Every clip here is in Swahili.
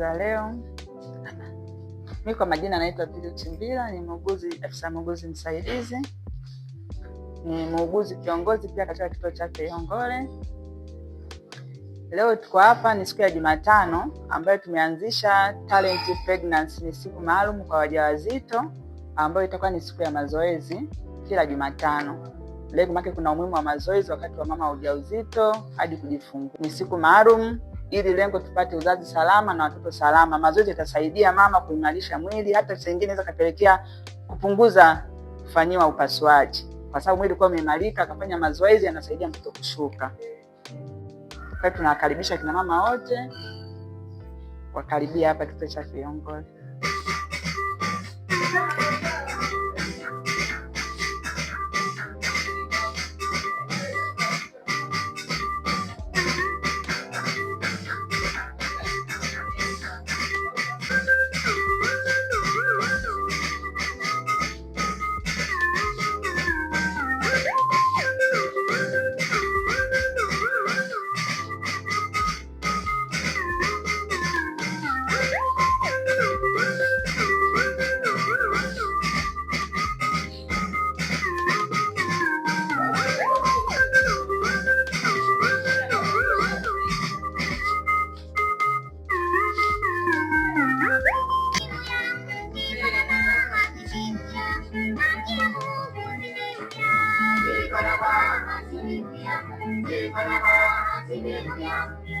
za leo. Mimi kwa majina naitwa Violet Chimbila, ni muuguzi, afisa muuguzi msaidizi, ni muuguzi kiongozi pia katika kituo cha afya Ihongole. Leo tuko hapa, ni siku ya Jumatano ambayo tumeanzisha Talent Pregnancy. Ni siku maalum kwa wajawazito ambayo itakuwa ni siku ya mazoezi kila Jumatano. Leo kuna umuhimu wa mazoezi wakati wa mama ujauzito hadi kujifungua. Ni siku maalum ili lengo tupate uzazi salama na watoto salama. Mazoezi yatasaidia mama kuimarisha mwili, hata saa nyingine inaweza kapelekea kupunguza kufanyiwa upasuaji, kwa sababu mwili kwa umeimarika, akafanya mazoezi yanasaidia mtoto kushuka. Kwa hiyo tunawakaribisha kina mama wote wakaribia hapa kituo cha Viongozi.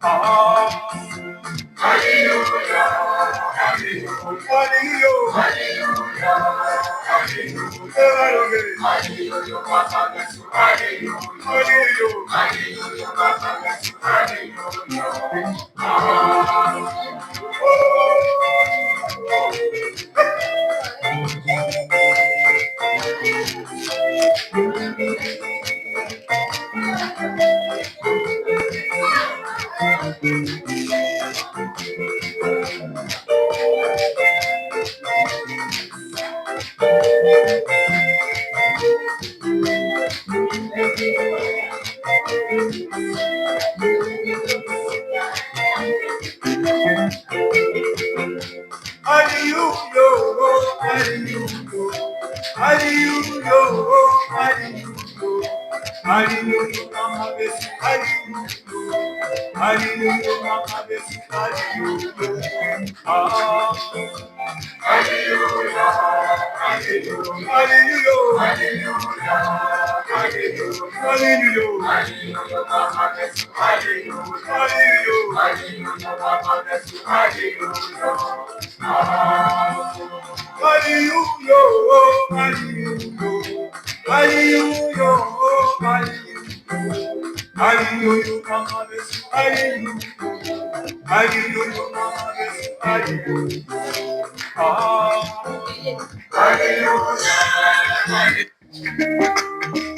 Hallelujah. Hallelujah, Hallelujah, Hallelujah, Hallelujah, How do you know? How do you know? How do you Hallelujah, hallelujah, hallelujah, hallelujah. Hallelujah, Hallelujah.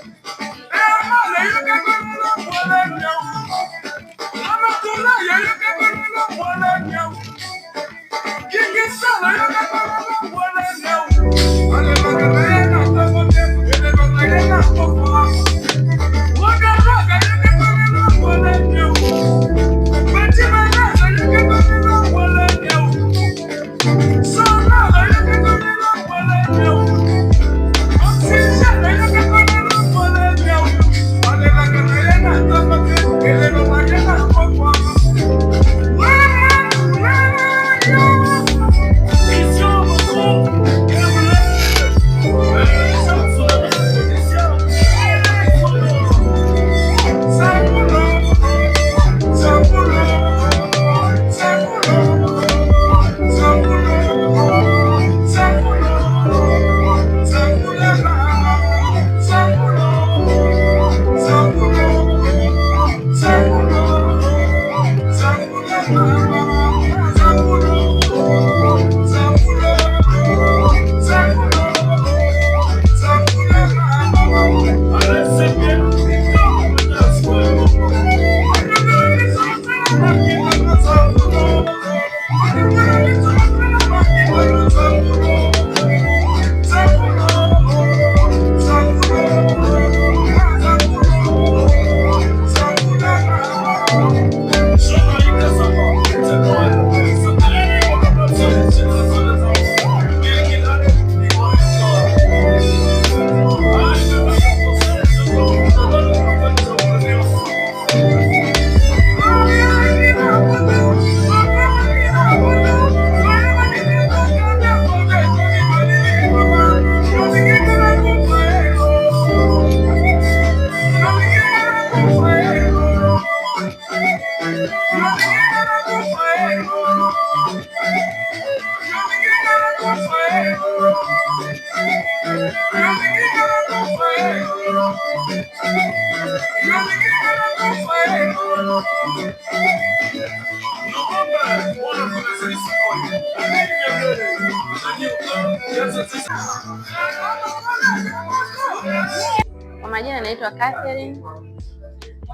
Kwa majina naitwa Catherine.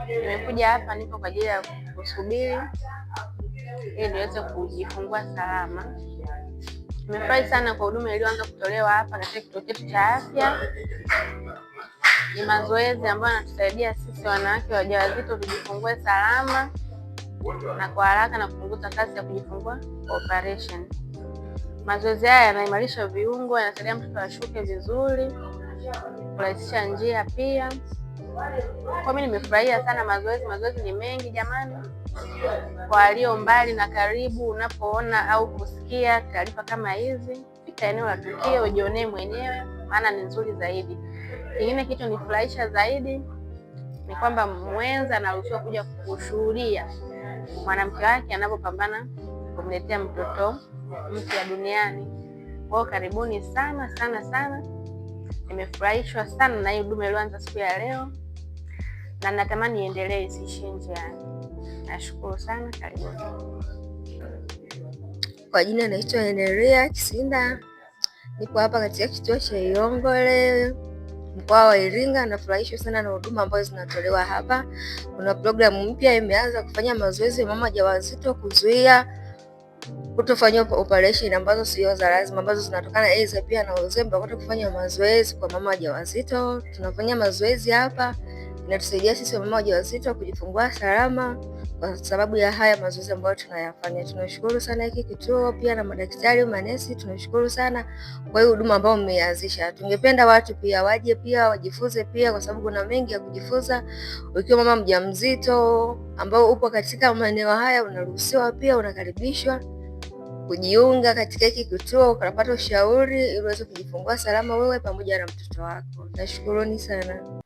Nimekuja hapa niko kwa ajili ya kusubiri ili niweze kujifungua salama. Nimefurahi sana kwa huduma iliyoanza kutolewa hapa katika kituo chetu cha afya ni mazoezi ambayo yanatusaidia sisi wanawake wajawazito tujifungue salama na kwa haraka na kupunguza kasi ya kujifungua operation. Mazoezi haya yanaimarisha viungo, yanasaidia mtoto ashuke vizuri, kurahisisha njia pia. Kwa mimi nimefurahia sana mazoezi. Mazoezi ni mengi jamani, kwa walio mbali na karibu. Unapoona au kusikia taarifa kama hizi, fika eneo la tukio ujionee mwenyewe, maana ni nzuri zaidi. Kingine kitu nifurahisha zaidi ni kwamba mwenza anaruhusiwa kuja kushuhudia mwanamke wake anavyopambana kumletea mtoto mpya duniani. Kwao karibuni sana sana sana, nimefurahishwa sana na hii huduma iliyoanza siku ya leo na natamani iendelee isiishie njiani. Nashukuru sana, karibuni. Kwa jina naitwa Endelea Kisinda, niko hapa katika kituo cha leo mkoa wa Iringa. Nafurahishwa sana na huduma ambazo zinatolewa hapa. Kuna programu mpya imeanza kufanya mazoezi mama wajawazito kuzuia kutofanya operation ambazo sio za lazima ambazo zinatokana aidha pia na uzembe, kwa kufanya mazoezi kwa mama wajawazito. Tunafanya mazoezi hapa inatusaidia sisi wamama wajawazito kujifungua salama kwa sababu ya haya mazoezi ambayo tunayafanya. Tunashukuru sana hiki kituo pia na madaktari, manesi, tunashukuru sana kwa hii huduma ambayo mmeanzisha. Tungependa watu pia waje pia wajifunze pia, kwa sababu kuna mengi ya kujifunza. Ukiwa mama mjamzito ambao upo katika maeneo haya, unaruhusiwa pia, unakaribishwa kujiunga katika hiki kituo ukapata ushauri ili uweze kujifungua salama wewe pamoja na mtoto wako. Nashukuruni sana.